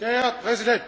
herr präsident!